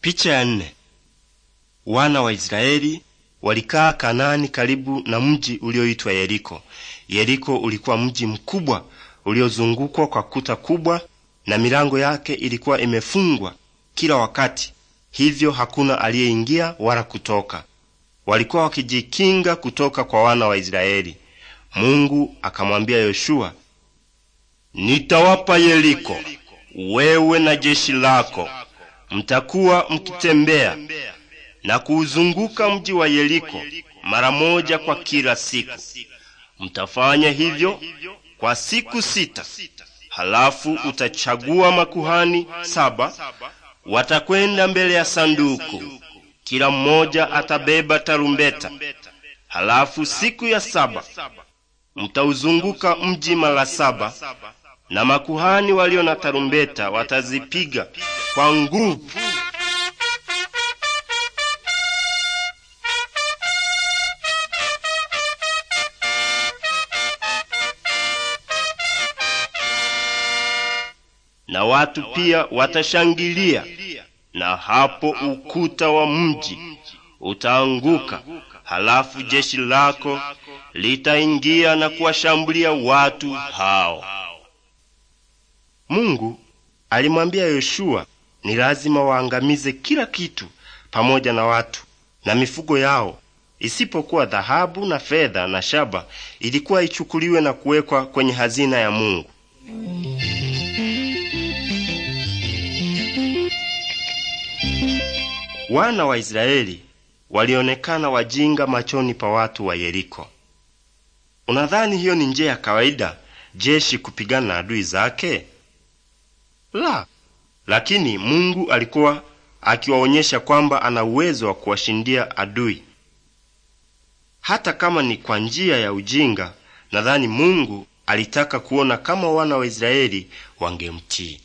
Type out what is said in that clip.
Picha ya nne. Wana wa Israeli walikaa Kanaani karibu na mji ulioitwa Yeriko. Yeriko ulikuwa mji mkubwa uliozungukwa kwa kuta kubwa na milango yake ilikuwa imefungwa kila wakati, hivyo hakuna aliyeingia wala kutoka. Walikuwa wakijikinga kutoka kwa wana wa Israeli. Mungu akamwambia Yoshua, nitawapa Yeriko wewe na jeshi lako mtakuwa mkitembea na kuuzunguka mji wa Yeriko mara moja kwa kila siku. Mtafanya hivyo kwa siku sita. Halafu utachagua makuhani saba watakwenda mbele ya sanduku. Kila mmoja atabeba tarumbeta. Halafu siku ya saba mtauzunguka mji mara saba na makuhani walio na tarumbeta watazipiga kwa nguvu. Na watu pia watashangilia, na hapo ukuta wa mji utaanguka. Halafu jeshi lako litaingia na kuwashambulia watu hao. Mungu alimwambia Yoshua ni lazima waangamize kila kitu pamoja na watu na mifugo yao, isipokuwa dhahabu na fedha na shaba ilikuwa ichukuliwe na kuwekwa kwenye hazina ya Mungu. Wana wa Israeli walionekana wajinga machoni pa watu wa Yeriko. Unadhani hiyo ni njia ya kawaida jeshi kupigana na adui zake? la. Lakini Mungu alikuwa akiwaonyesha kwamba ana uwezo wa kuwashindia adui, hata kama ni kwa njia ya ujinga. Nadhani Mungu alitaka kuona kama wana wa Israeli wangemtii.